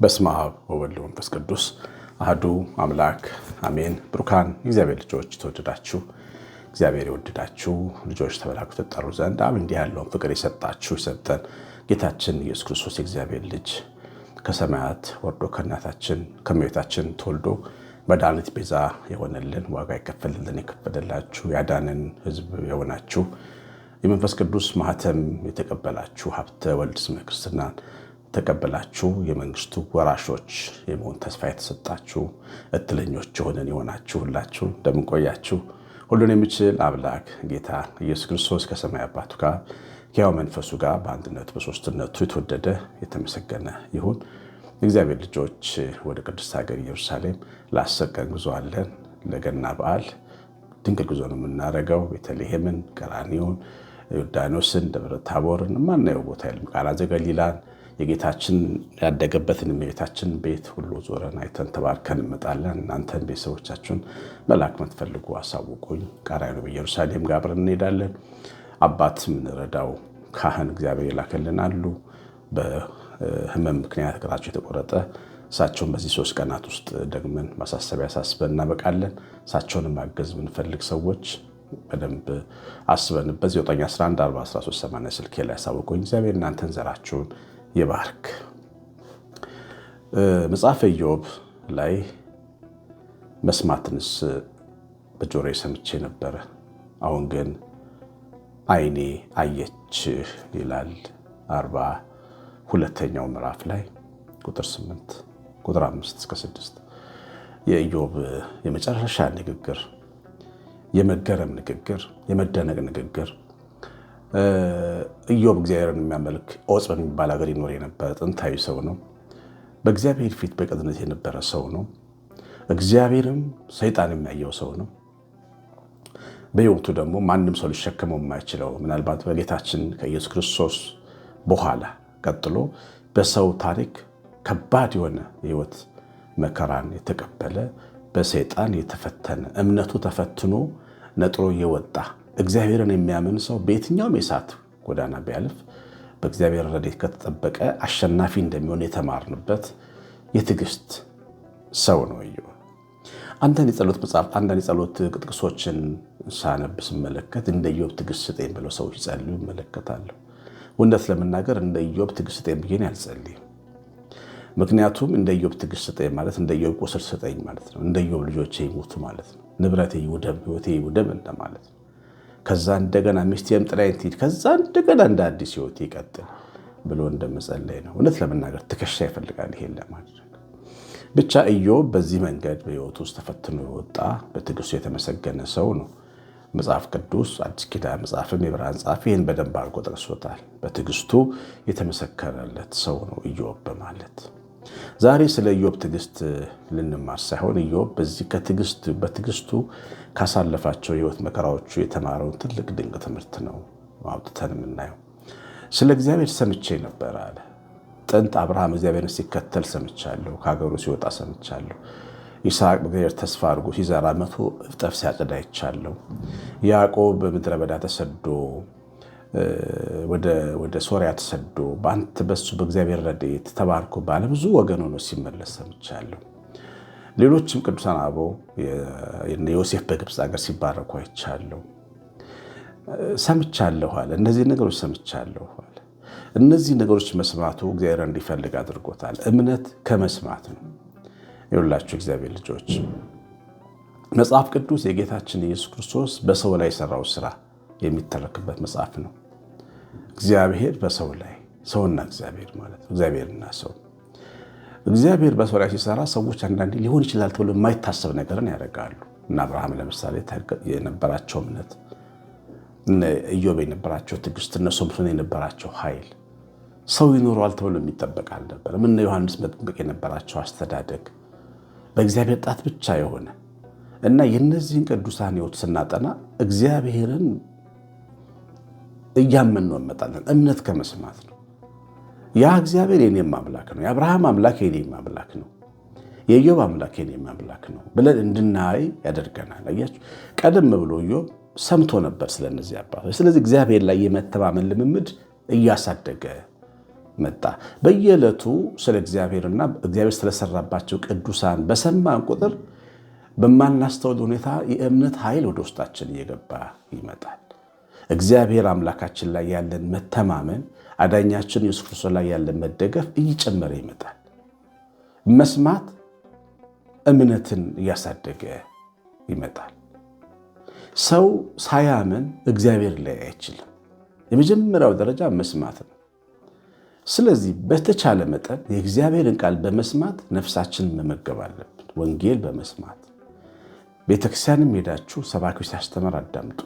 በስመ አብ ወወልድ ወመንፈስ ቅዱስ አህዱ አምላክ አሜን። ብሩካን እግዚአብሔር ልጆች ተወደዳችሁ፣ እግዚአብሔር የወደዳችሁ ልጆች ተበላኩ ተጠሩ ዘንድ አብ እንዲህ ያለውን ፍቅር የሰጣችሁ የሰጠን ጌታችን ኢየሱስ ክርስቶስ የእግዚአብሔር ልጅ ከሰማያት ወርዶ ከእናታችን ከእመቤታችን ተወልዶ መድኃኒት ቤዛ የሆነልን ዋጋ የከፈልልን የከፈለላችሁ ያዳንን ህዝብ የሆናችሁ የመንፈስ ቅዱስ ማህተም የተቀበላችሁ ሀብተ ወልድ ስመ ክርስትናን ተቀበላችሁ የመንግስቱ ወራሾች የመሆን ተስፋ የተሰጣችሁ እትለኞች የሆነን የሆናችሁ ሁላችሁ እንደምንቆያችሁ ሁሉን የሚችል አምላክ ጌታ ኢየሱስ ክርስቶስ ከሰማይ አባቱ ጋር ከያው መንፈሱ ጋር በአንድነት በሶስትነቱ የተወደደ የተመሰገነ ይሁን። እግዚአብሔር ልጆች ወደ ቅድስት ሀገር ኢየሩሳሌም ለአስር ቀን ጉዞ አለን። ለገና በዓል ድንቅ ጉዞ ነው የምናደርገው። ቤተልሔምን፣ ቀራኒውን፣ ዮርዳኖስን፣ ደብረ ታቦርን ማናየው ቦታ የለም። ቃና ገሊላን የጌታችን ያደገበትን የቤታችን ቤት ሁሉ ዞረን አይተን ተባርከን እንመጣለን። እናንተን ቤተሰቦቻችሁን መላክ ምትፈልጉ አሳውቁኝ። ቃራኑ በኢየሩሳሌም ጋር አብረን እንሄዳለን። አባት የምንረዳው ካህን እግዚአብሔር ይላክልን አሉ። ህመም ምክንያት እግራቸው የተቆረጠ እሳቸውን በዚህ ሶስት ቀናት ውስጥ ደግመን ማሳሰቢያ አሳስበን እናበቃለን። እሳቸውን ማገዝ የምንፈልግ ሰዎች በደንብ አስበንበት 9114138 ስልኬ ላይ ያሳውቀኝ። እግዚአብሔር እናንተን ዘራችሁን ይባርክ። መጽሐፈ ኢዮብ ላይ መስማትንስ በጆሮ ሰምቼ ነበረ፣ አሁን ግን አይኔ አየች ይላል። አርባ ሁለተኛው ምዕራፍ ላይ ቁጥር 8 ቁጥር 5 እስከ 6 የኢዮብ የመጨረሻ ንግግር የመገረም ንግግር፣ የመደነቅ ንግግር ኢዮብ እግዚአብሔርን የሚያመልክ ዖፅ በሚባል ሀገር ይኖር የነበረ ጥንታዊ ሰው ነው። በእግዚአብሔር ፊት በቅጥነት የነበረ ሰው ነው። እግዚአብሔርም ሰይጣን የሚያየው ሰው ነው። በሕይወቱ ደግሞ ማንም ሰው ሊሸከመው የማይችለው ምናልባት በጌታችን ከኢየሱስ ክርስቶስ በኋላ ቀጥሎ በሰው ታሪክ ከባድ የሆነ ህይወት መከራን የተቀበለ በሰይጣን የተፈተነ እምነቱ ተፈትኖ ነጥሮ የወጣ እግዚአብሔርን የሚያምን ሰው በየትኛውም የእሳት ጎዳና ቢያልፍ በእግዚአብሔር ረድኤት ከተጠበቀ አሸናፊ እንደሚሆን የተማርንበት የትዕግስት ሰው ነው ኢዮብ። አንዳንድ የጸሎት መጽሐፍ አንዳንድ የጸሎት ቅጥቅሶችን ሳነብ ስመለከት እንደ ኢዮብ ትዕግስት ስጠኝ ብለው ሰዎች ሲጸልዩ እመለከታለሁ። እውነት ለመናገር እንደ ኢዮብ ትዕግስት ስጠኝ ብዬ አልጸልይም። ምክንያቱም እንደ ኢዮብ ትዕግስት ስጠኝ ማለት እንደ ኢዮብ ቁስል ስጠኝ ማለት ነው። እንደ ኢዮብ ልጆቼ ይሞቱ ማለት ነው። ንብረቴ ይውደም፣ ህይወቴ ይውደም እንደማለት ነው። ከዛ እንደገና ሚስቴም ጥላኝ ትሂድ፣ ከዛ እንደገና እንደ አዲስ ሕይወቴ ይቀጥል ብሎ እንደመጸለይ ነው። እውነት ለመናገር ትከሻ ይፈልጋል ይሄን ለማድረግ። ብቻ ኢዮብ በዚህ መንገድ በህይወቱ ውስጥ ተፈትኖ የወጣ በትዕግስቱ የተመሰገነ ሰው ነው። መጽሐፍ ቅዱስ አዲስ ኪዳን መጽሐፍም የብርሃን ጸሐፊ ይህን በደንብ አድርጎ ጠቅሶታል። በትዕግስቱ የተመሰከረለት ሰው ነው ኢዮብ በማለት ዛሬ ስለ ኢዮብ ትዕግስት ልንማር ሳይሆን ኢዮብ በዚህ ከትዕግስት በትዕግስቱ ካሳለፋቸው የሕይወት መከራዎቹ የተማረውን ትልቅ ድንቅ ትምህርት ነው አውጥተን የምናየው። ስለ እግዚአብሔር ሰምቼ ነበር አለ። ጥንት አብርሃም እግዚአብሔርን ሲከተል ሰምቻለሁ፣ ከሀገሩ ሲወጣ ሰምቻለሁ ይስሐቅ በእግዚአብሔር ተስፋ አድርጎ ሲዘራ መቶ እጥፍ ሲያጭድ አይቻለሁ። ያዕቆብ በምድረ በዳ ተሰዶ ወደ ሶሪያ ተሰዶ በአንተ በሱ በእግዚአብሔር ረድኤት ተባርኮ ባለ ብዙ ወገን ሆኖ ሲመለስ ሰምቻለሁ። ሌሎችም ቅዱሳን አበው ዮሴፍ በግብፅ ሀገር ሲባረኩ አይቻለሁ። ሰምቻለሁ አለ። እነዚህ ነገሮች ሰምቻለሁ አለ። እነዚህ ነገሮች መስማቱ እግዚአብሔር እንዲፈልግ አድርጎታል። እምነት ከመስማት ነው። ይሁላችሁ እግዚአብሔር ልጆች መጽሐፍ ቅዱስ የጌታችን ኢየሱስ ክርስቶስ በሰው ላይ የሰራው ስራ የሚተረክበት መጽሐፍ ነው። እግዚአብሔር በሰው ላይ ሰውና እግዚአብሔር ማለት ነው። እግዚአብሔርና ሰው እግዚአብሔር በሰው ላይ ሲሰራ ሰዎች አንዳንዴ ሊሆን ይችላል ተብሎ የማይታሰብ ነገርን ያደርጋሉ። እና አብርሃም ለምሳሌ የነበራቸው እምነት፣ ኢዮብ የነበራቸው ትዕግስት፣ እነ ሶምሶን የነበራቸው ኃይል ሰው ይኖረዋል ተብሎ የሚጠበቅ አልነበረም። እነ ዮሐንስ መጥምቅ የነበራቸው አስተዳደግ በእግዚአብሔር ጣት ብቻ የሆነ እና የእነዚህን ቅዱሳን ሕይወት ስናጠና እግዚአብሔርን እያመን ነው እንመጣለን። እምነት ከመስማት ነው። ያ እግዚአብሔር የኔም አምላክ ነው፣ የአብርሃም አምላክ የኔም አምላክ ነው፣ የኢዮብ አምላክ የኔም አምላክ ነው ብለን እንድናይ ያደርገናል። አያችሁ፣ ቀደም ብሎ ኢዮብ ሰምቶ ነበር ስለነዚህ አባቶች። ስለዚህ እግዚአብሔር ላይ የመተማመን ልምምድ እያሳደገ መጣ። በየዕለቱ ስለ እግዚአብሔርና እግዚአብሔር ስለሰራባቸው ቅዱሳን በሰማን ቁጥር በማናስተውል ሁኔታ የእምነት ኃይል ወደ ውስጣችን እየገባ ይመጣል። እግዚአብሔር አምላካችን ላይ ያለን መተማመን፣ አዳኛችን ኢየሱስ ክርስቶስ ላይ ያለን መደገፍ እየጨመረ ይመጣል። መስማት እምነትን እያሳደገ ይመጣል። ሰው ሳያምን እግዚአብሔር ላይ አይችልም። የመጀመሪያው ደረጃ መስማት ነው። ስለዚህ በተቻለ መጠን የእግዚአብሔርን ቃል በመስማት ነፍሳችንን መመገብ አለብን። ወንጌል በመስማት ቤተክርስቲያንም ሄዳችሁ ሰባኪው ሲያስተምር አዳምጡ።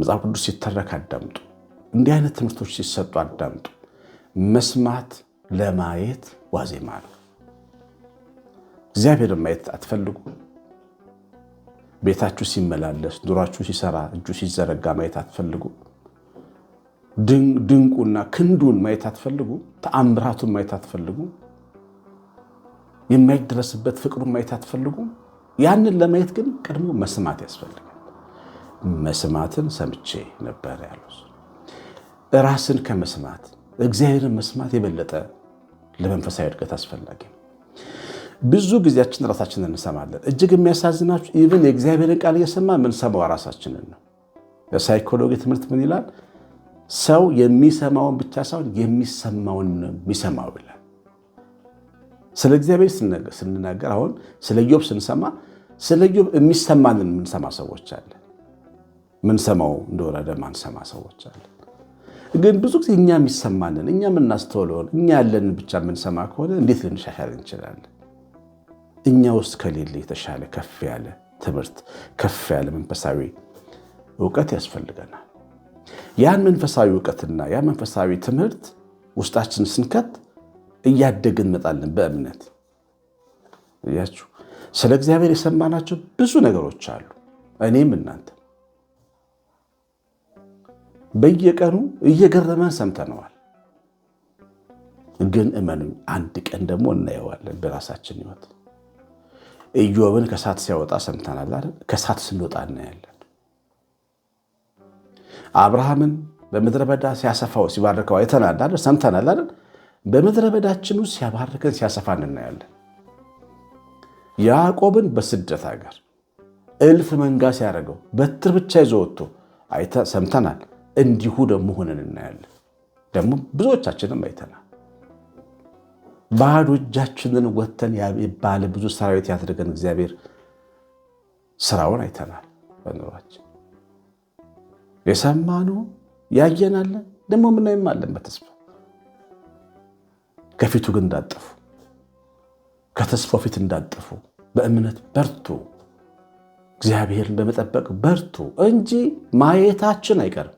መጽሐፍ ቅዱስ ሲተረክ አዳምጡ። እንዲህ አይነት ትምህርቶች ሲሰጡ አዳምጡ። መስማት ለማየት ዋዜማ ነው። እግዚአብሔርን ማየት አትፈልጉ? ቤታችሁ ሲመላለስ፣ ኑሯችሁ ሲሰራ፣ እጁ ሲዘረጋ ማየት አትፈልጉ? ድንቁና ክንዱን ማየት አትፈልጉ? ተአምራቱን ማየት አትፈልጉ? የማይደረስበት ፍቅሩን ማየት አትፈልጉ? ያንን ለማየት ግን ቀድሞ መስማት ያስፈልጋል። መስማትን ሰምቼ ነበር ያሉት። ራስን ከመስማት እግዚአብሔርን መስማት የበለጠ ለመንፈሳዊ እድገት አስፈላጊ ነው። ብዙ ጊዜያችን ራሳችንን እንሰማለን። እጅግ የሚያሳዝናችሁ ኢቭን የእግዚአብሔርን ቃል እየሰማ ምን ራሳችንን ነው። የሳይኮሎጂ ትምህርት ምን ይላል? ሰው የሚሰማውን ብቻ ሳይሆን የሚሰማውን ነው የሚሰማው ይላል። ስለ እግዚአብሔር ስንናገር አሁን ስለ ዮብ ስንሰማ ስለ ዮብ የሚሰማንን የምንሰማ ሰዎች አለ፣ ምንሰማው እንደወረደ ማንሰማ ሰዎች አለ። ግን ብዙ ጊዜ እኛ የሚሰማንን እኛ የምናስተውለውን እኛ ያለንን ብቻ የምንሰማ ከሆነ እንዴት ልንሻሻል እንችላለን? እኛ ውስጥ ከሌለ የተሻለ ከፍ ያለ ትምህርት ከፍ ያለ መንፈሳዊ እውቀት ያስፈልገናል። ያን መንፈሳዊ እውቀትና ያን መንፈሳዊ ትምህርት ውስጣችን ስንከት እያደግ እንመጣለን። በእምነት እያችሁ ስለ እግዚአብሔር የሰማናቸው ብዙ ነገሮች አሉ። እኔም እናንተ በየቀኑ እየገረመን ሰምተነዋል። ግን እመኑኝ አንድ ቀን ደግሞ እናየዋለን በራሳችን ሕይወት። ኢዮብን ከሳት ሲያወጣ ሰምተናል አይደል? ከእሳት ስንወጣ እናያለን። አብርሃምን በምድረ በዳ ሲያሰፋው ሲባርከው አይተናል አይደል? ሰምተናል አይደል? በምድረ በዳችን ውስጥ ሲያባርከን ሲያሰፋ እናያለን። ያዕቆብን በስደት ሀገር እልፍ መንጋ ሲያደርገው በትር ብቻ ይዞ ወጥቶ ሰምተናል። እንዲሁ ደግሞ ሆነን እናያለን። ደግሞ ብዙዎቻችንም አይተናል። ባዶ እጃችንን ወጥተን ባለ ብዙ ሰራዊት ያደርገን እግዚአብሔር ስራውን አይተናል በኑሯችን የሰማነው ያየናለ ደግሞ ምናይም አለን በተስፋ ከፊቱ ግን እንዳጠፉ ከተስፋ ፊት እንዳጠፉ በእምነት በርቱ፣ እግዚአብሔርን በመጠበቅ በርቱ እንጂ ማየታችን አይቀርም።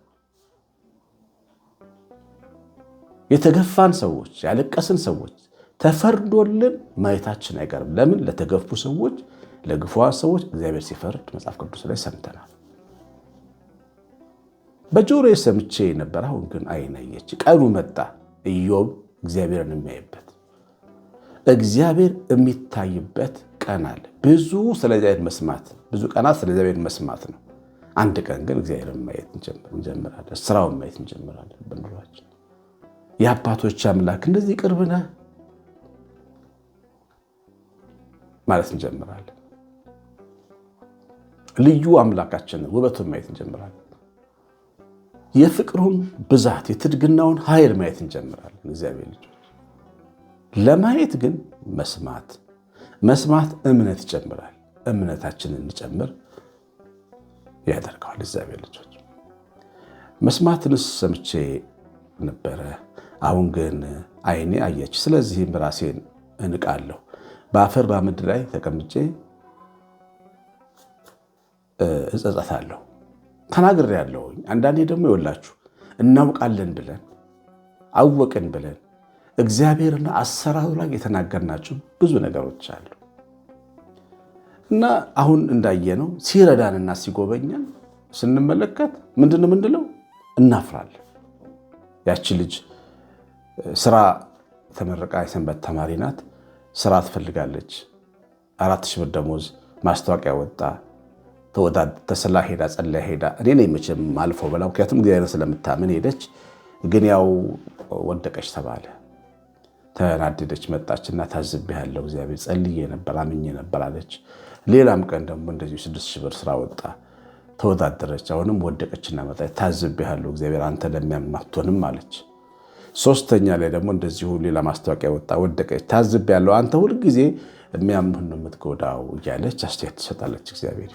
የተገፋን ሰዎች ያለቀስን ሰዎች ተፈርዶልን ማየታችን አይቀርም። ለምን? ለተገፉ ሰዎች ለግፏ ሰዎች እግዚአብሔር ሲፈርድ መጽሐፍ ቅዱስ ላይ ሰምተናል። በጆሮ ሰምቼ ነበር፣ አሁን ግን አይናየች። ቀኑ መጣ ኢዮብ እግዚአብሔርን የሚያይበት እግዚአብሔር የሚታይበት ቀን አለ። ብዙ ስለ እግዚአብሔር መስማት ብዙ ቀናት ስለ እግዚአብሔር መስማት ነው። አንድ ቀን ግን እግዚአብሔርን ማየት እንጀምራለን፣ ስራውን ማየት እንጀምራለን። በኑሯችን የአባቶች አምላክ እንደዚህ ቅርብ ነህ ማለት እንጀምራለን። ልዩ አምላካችንን ውበቱን ማየት እንጀምራለን። የፍቅሩን ብዛት የትድግናውን ኃይል ማየት እንጀምራለን። እግዚአብሔር ልጆች ለማየት ግን መስማት መስማት እምነት ይጨምራል። እምነታችንን እንጨምር ያደርገዋል። እግዚአብሔር ልጆች መስማትንስ ሰምቼ ነበረ፣ አሁን ግን ዓይኔ አየች፣ ስለዚህም ራሴን እንቃለሁ በአፈር በምድር ላይ ተቀምጬ እጸጸታለሁ። ተናግር ያለው አንዳንዴ ደግሞ ይወላችሁ እናውቃለን ብለን አወቅን ብለን እግዚአብሔርና አሰራሩ ላይ የተናገርናቸው ብዙ ነገሮች አሉ እና አሁን እንዳየነው ሲረዳንና ሲጎበኛን ስንመለከት ምንድን ምንድለው እናፍራለን። ያቺ ልጅ ስራ ተመረቃ የሰንበት ተማሪ ናት። ስራ ትፈልጋለች። አራት ሺህ ብር ደሞዝ ማስታወቂያ ወጣ። ተስላ ሄዳ ጸልያ ሄዳ እኔ ነኝ መቼም አልፎ በላ ምክንያቱም እግዚአብሔርን ስለምታምን ሄደች። ግን ያው ወደቀች ተባለ። ተናደደች። መጣችና ታዝቤያለሁ፣ እግዚአብሔር ጸልዬ ነበር አምኜ ነበር አለች። ሌላም ቀን ደግሞ እንደዚሁ ስድስት ሺህ ብር ስራ ወጣ፣ ተወዳደረች። አሁንም ወደቀችና ታዝብ ታዝቤያለሁ፣ እግዚአብሔር አንተ ለሚያማቶንም አለች። ሶስተኛ ላይ ደግሞ እንደዚሁ ሌላ ማስታወቂያ ወጣ፣ ወደቀች። ታዝቤያለሁ፣ አንተ ሁልጊዜ የሚያምህን ነው የምትጎዳው እያለች አስተያየት ትሰጣለች እግዚአብሔር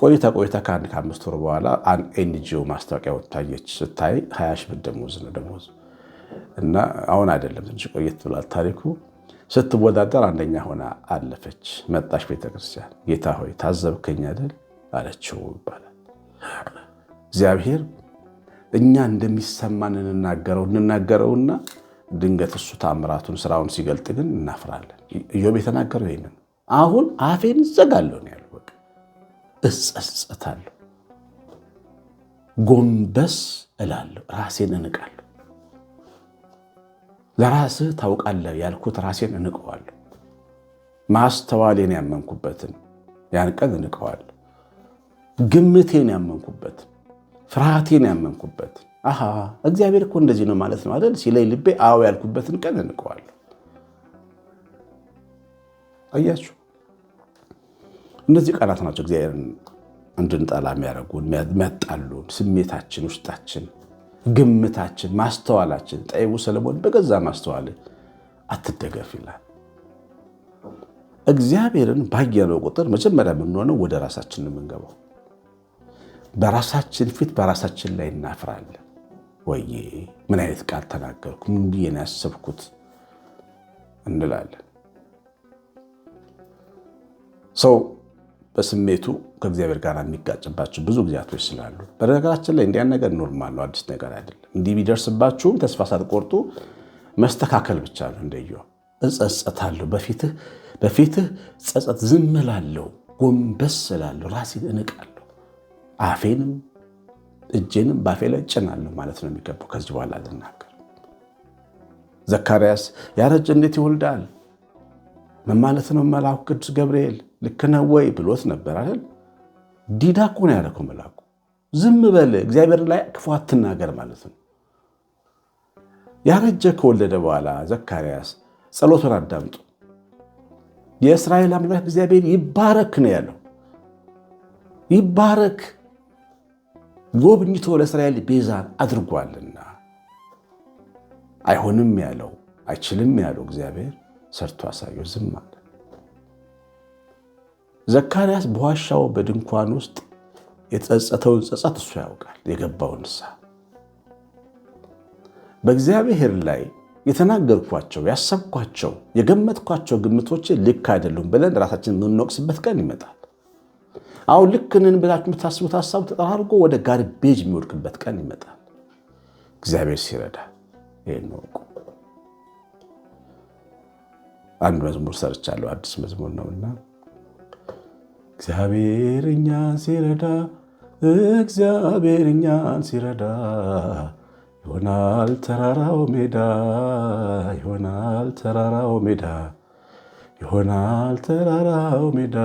ቆይታ ቆይታ ከአንድ ከአምስት ወር በኋላ ኤንጂኦ ማስታወቂያ ወታየች። ስታይ ሀያ ሺህ ብር ደሞዝ ነው ደሞዝ እና አሁን አይደለም ትንሽ ቆየት ብሏል ታሪኩ። ስትወዳደር አንደኛ ሆና አለፈች። መጣች ቤተክርስቲያን። ጌታ ሆይ ታዘብከኝ አይደል አለችው ይባላል። እግዚአብሔር እኛ እንደሚሰማን እንናገረው እንናገረውና ድንገት እሱ ታምራቱን ስራውን ሲገልጥ ግን እናፍራለን። እዮብ የተናገረው ይህንን አሁን አፌን ዘጋለሁ ነው ያለው። እጸጸታለሁ፣ ጎንበስ እላለሁ፣ ራሴን እንቃለሁ። ለራስህ ታውቃለህ ያልኩት ራሴን እንቀዋለሁ። ማስተዋሌን ያመንኩበትን ያን ቀን እንቀዋለሁ። ግምቴን ያመንኩበትን፣ ፍርሃቴን ያመንኩበትን አሃ እግዚአብሔር እኮ እንደዚህ ነው ማለት ነው አይደል ሲለይ ልቤ አዎ ያልኩበትን ቀን እንቀዋለሁ። አያችሁ? እነዚህ ቃላት ናቸው እግዚአብሔርን እንድንጠላ የሚያደርጉን የሚያጣሉን። ስሜታችን፣ ውስጣችን፣ ግምታችን፣ ማስተዋላችን። ጠይቡ ሰለሞን በገዛ ማስተዋል አትደገፍ ይላል። እግዚአብሔርን ባየነው ቁጥር መጀመሪያ የምንሆነው ወደ ራሳችን የምንገባው በራሳችን ፊት በራሳችን ላይ እናፍራለን። ወይ ምን አይነት ቃል ተናገርኩ፣ ምን ብዬ ነው ያሰብኩት እንላለን ሰው በስሜቱ ከእግዚአብሔር ጋር የሚጋጭባቸው ብዙ ጊዜያቶች ስላሉ፣ በነገራችን ላይ እንዲያን ነገር ኖርማል ነው፣ አዲስ ነገር አይደለም። እንዲህ ቢደርስባችሁም ተስፋ ሳትቆርጡ መስተካከል ብቻ ነው። እንደየ እጸጸታለሁ፣ በፊትህ ጸጸት ዝም እላለሁ፣ ጎንበስ እላለሁ፣ ራሴን እንቃለሁ፣ አፌንም እጄንም በአፌ ላይ ጭናለሁ ማለት ነው የሚገባው። ከዚህ በኋላ ልናገር። ዘካርያስ ያረጀ እንዴት ይወልዳል? ምን ማለት ነው? መልአኩ ቅዱስ ገብርኤል ልክ ነህ ወይ ብሎት ነበር አይደል? ዲዳ እኮ ነው ያደረገው መላኩ። ዝም በል እግዚአብሔር ላይ ክፉ አትናገር ማለት ነው። ያረጀ ከወለደ በኋላ ዘካርያስ ጸሎቱን አዳምጡ። የእስራኤል አምላክ እግዚአብሔር ይባረክ ነው ያለው። ይባረክ ጎብኝቶ ለእስራኤል ቤዛን አድርጓልና አይሆንም ያለው አይችልም ያለው እግዚአብሔር ሰርቶ አሳየው። ዝም አለ። ዘካርያስ በዋሻው በድንኳን ውስጥ የተጸጸተውን ጸጸት እሱ ያውቃል። የገባውን ንስሐ በእግዚአብሔር ላይ የተናገርኳቸው ያሰብኳቸው የገመትኳቸው ግምቶች ልክ አይደሉም ብለን ራሳችን የምንወቅስበት ቀን ይመጣል። አሁን ልክንን ብላችሁ የምታስቡት ሀሳቡ ተጠራርጎ ወደ ጋርቤጅ የሚወድቅበት ቀን ይመጣል። እግዚአብሔር ሲረዳ ይህን ወቁ። አንድ መዝሙር ሰርቻለሁ፣ አዲስ መዝሙር ነውና እግዚአብሔር እኛን ሲረዳ እግዚአብሔር እኛን ሲረዳ ይሆናል ተራራው ሜዳ ይሆናል ተራራው ሜዳ ይሆናል ተራራው ሜዳ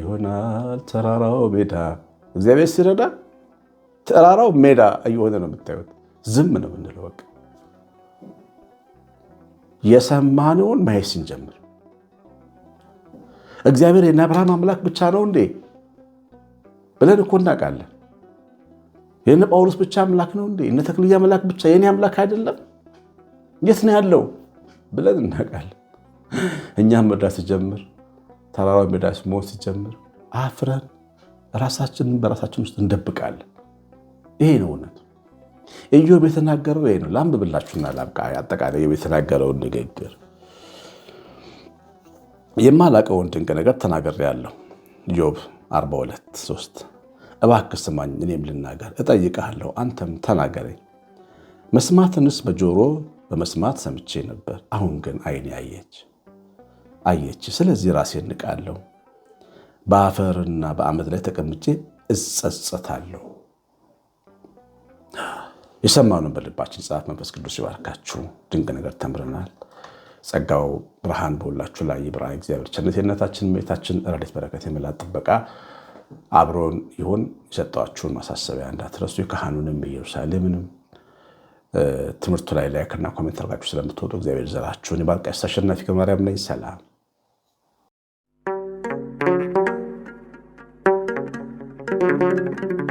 ይሆናል ተራራው ሜዳ። እግዚአብሔር ሲረዳ ተራራው ሜዳ እየሆነ ነው የምታዩት። ዝም ነው የምንለው በቃ የሰማነውን ማየት ስንጀምር እግዚአብሔር የእነ አብርሃም አምላክ ብቻ ነው እንዴ ብለን እኮ እናውቃለን። የነ ጳውሎስ ብቻ አምላክ ነው እንዴ? እነ ተክልያ አምላክ ብቻ የኔ አምላክ አይደለም? የት ነው ያለው ብለን እናውቃለን። እኛም መዳ ሲጀምር፣ ተራራዊ ሜዳ መሆን ሲጀምር አፍረን ራሳችንን በራሳችን ውስጥ እንደብቃለን። ይሄ ነው እውነት። ኢዮብ የተናገረው ይሄ ነው። ላንብብላችሁና ላብቃ። አጠቃላይ የተናገረውን ንግግር የማላቀውን ድንቅ ነገር ያለው ዮብ 42፥3 እባክ ስማኝ እኔም ልናገር፣ እጠይቅሃለሁ አንተም ተናገረኝ። መስማትንስ በጆሮ በመስማት ሰምቼ ነበር፣ አሁን ግን ዓይኔ አየች አየች። ስለዚህ ራሴ እንቃለሁ፣ በአፈርና በአመድ ላይ ተቀምጬ እጸጸታለሁ። የሰማነውን በልባችን ጻፍ። መንፈስ ቅዱስ ይባርካችሁ። ድንቅ ነገር ተምረናል። ጸጋው ብርሃን በሁላችሁ ላይ ይብራ። እግዚአብሔር ቸርነት የእናታችን እመቤታችን ረድኤት በረከት የመላት ጥበቃ አብሮን ይሁን። የሰጠኋችሁን ማሳሰቢያ እንዳትረሱ። የካህኑንም ኢየሩሳሌምንም ትምህርቱ ላይ ላይክና ኮሜንት አድርጋችሁ ስለምትወጡ እግዚአብሔር ዘራችሁን ይባርክ። ቀሲስ አሸናፊ ገብረማርያም ነኝ። ሰላም Thank you.